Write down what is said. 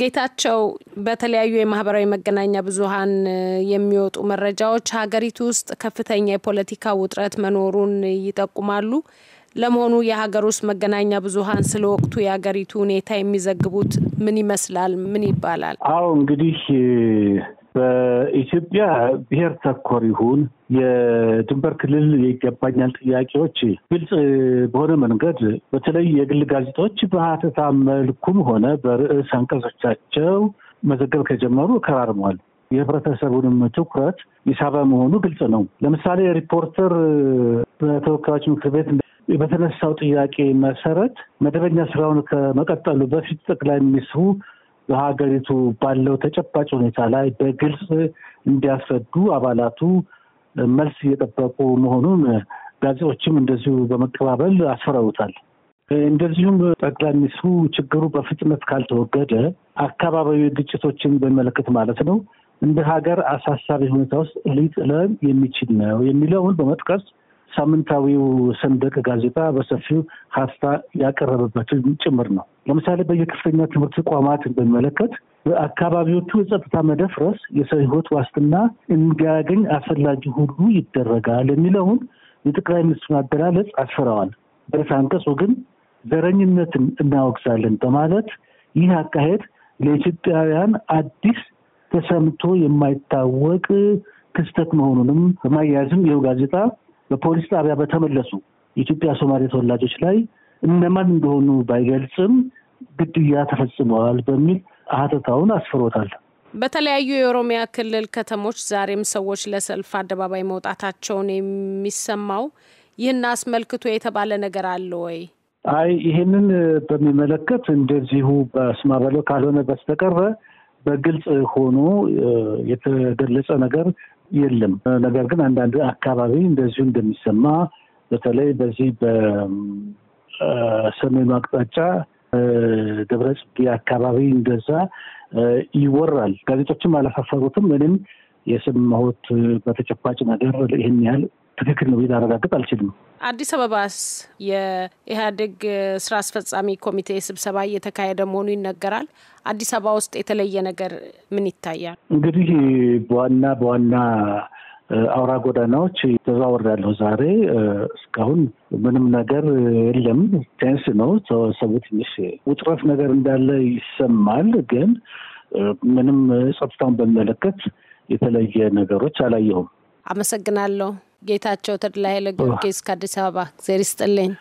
ጌታቸው፣ በተለያዩ የማህበራዊ መገናኛ ብዙሀን የሚወጡ መረጃዎች ሀገሪቱ ውስጥ ከፍተኛ የፖለቲካ ውጥረት መኖሩን ይጠቁማሉ። ለመሆኑ የሀገር ውስጥ መገናኛ ብዙሀን ስለ ወቅቱ የሀገሪቱ ሁኔታ የሚዘግቡት ምን ይመስላል? ምን ይባላል? አዎ እንግዲህ በኢትዮጵያ ብሔር ተኮር ይሁን የድንበር ክልል የይገባኛል ጥያቄዎች ግልጽ በሆነ መንገድ በተለይ የግል ጋዜጦች በሀተታ መልኩም ሆነ በርዕስ አንቀጾቻቸው መዘገብ ከጀመሩ ከራርመዋል። የህብረተሰቡንም ትኩረት የሳበ መሆኑ ግልጽ ነው። ለምሳሌ ሪፖርተር በተወካዮች ምክር ቤት በተነሳው ጥያቄ መሰረት መደበኛ ስራውን ከመቀጠሉ በፊት ጠቅላይ ሚኒስትሩ በሀገሪቱ ባለው ተጨባጭ ሁኔታ ላይ በግልጽ እንዲያስረዱ አባላቱ መልስ እየጠበቁ መሆኑን ጋዜጦችም እንደዚሁ በመቀባበል አስፈራሩታል። እንደዚሁም ጠቅላይ ሚኒስትሩ ችግሩ በፍጥነት ካልተወገደ አካባቢዊ ግጭቶችን በሚመለከት ማለት ነው እንደ ሀገር አሳሳቢ ሁኔታ ውስጥ ሊጥለን የሚችል ነው የሚለውን በመጥቀስ ሳምንታዊው ሰንደቅ ጋዜጣ በሰፊው ሀፍታ ያቀረበበትን ጭምር ነው። ለምሳሌ በየከፍተኛ ትምህርት ተቋማት በሚመለከት በአካባቢዎቹ የጸጥታ መደፍረስ የሰው ሕይወት ዋስትና እንዲያገኝ አስፈላጊ ሁሉ ይደረጋል የሚለውን የጠቅላይ ሚኒስትሩን አገላለጽ አስፍረዋል። በርዕሰ አንቀጹ ግን ዘረኝነትን እናወግዛለን በማለት ይህ አካሄድ ለኢትዮጵያውያን አዲስ ተሰምቶ የማይታወቅ ክስተት መሆኑንም በማያያዝም ይኸው ጋዜጣ በፖሊስ ጣቢያ በተመለሱ የኢትዮጵያ ሶማሌ ተወላጆች ላይ እነማን እንደሆኑ ባይገልጽም ግድያ ተፈጽመዋል በሚል አተታውን አስፍሮታል። በተለያዩ የኦሮሚያ ክልል ከተሞች ዛሬም ሰዎች ለሰልፍ አደባባይ መውጣታቸውን የሚሰማው ይህን አስመልክቶ የተባለ ነገር አለ ወይ? አይ ይህንን በሚመለከት እንደዚሁ በስማ ካልሆነ በስተቀረ በግልጽ ሆኖ የተገለጸ ነገር የለም። ነገር ግን አንዳንድ አካባቢ እንደዚሁ እንደሚሰማ በተለይ በዚህ በሰሜኑ አቅጣጫ ደብረ ጽጌ አካባቢ እንደዛ ይወራል። ጋዜጦችም አላሳፈሩትም። እኔም የሰማሁት በተጨባጭ ነገር ይህን ያህል ትክክል ነው ብዬ ላረጋግጥ አልችልም። አዲስ አበባስ የኢህአዴግ ስራ አስፈጻሚ ኮሚቴ ስብሰባ እየተካሄደ መሆኑ ይነገራል። አዲስ አበባ ውስጥ የተለየ ነገር ምን ይታያል? እንግዲህ በዋና በዋና አውራ ጎዳናዎች ያለሁ ዛሬ እስካሁን ምንም ነገር የለም። ቴንስ ነው ሰው ትንሽ ውጥረት ነገር እንዳለ ይሰማል። ግን ምንም ጸጥታውን በሚመለከት የተለየ ነገሮች አላየሁም። አመሰግናለሁ። ጌታቸው ተድላ ኃይለ ጊዮርጊስ ከአዲስ አበባ እግዜር ይስጥልኝ።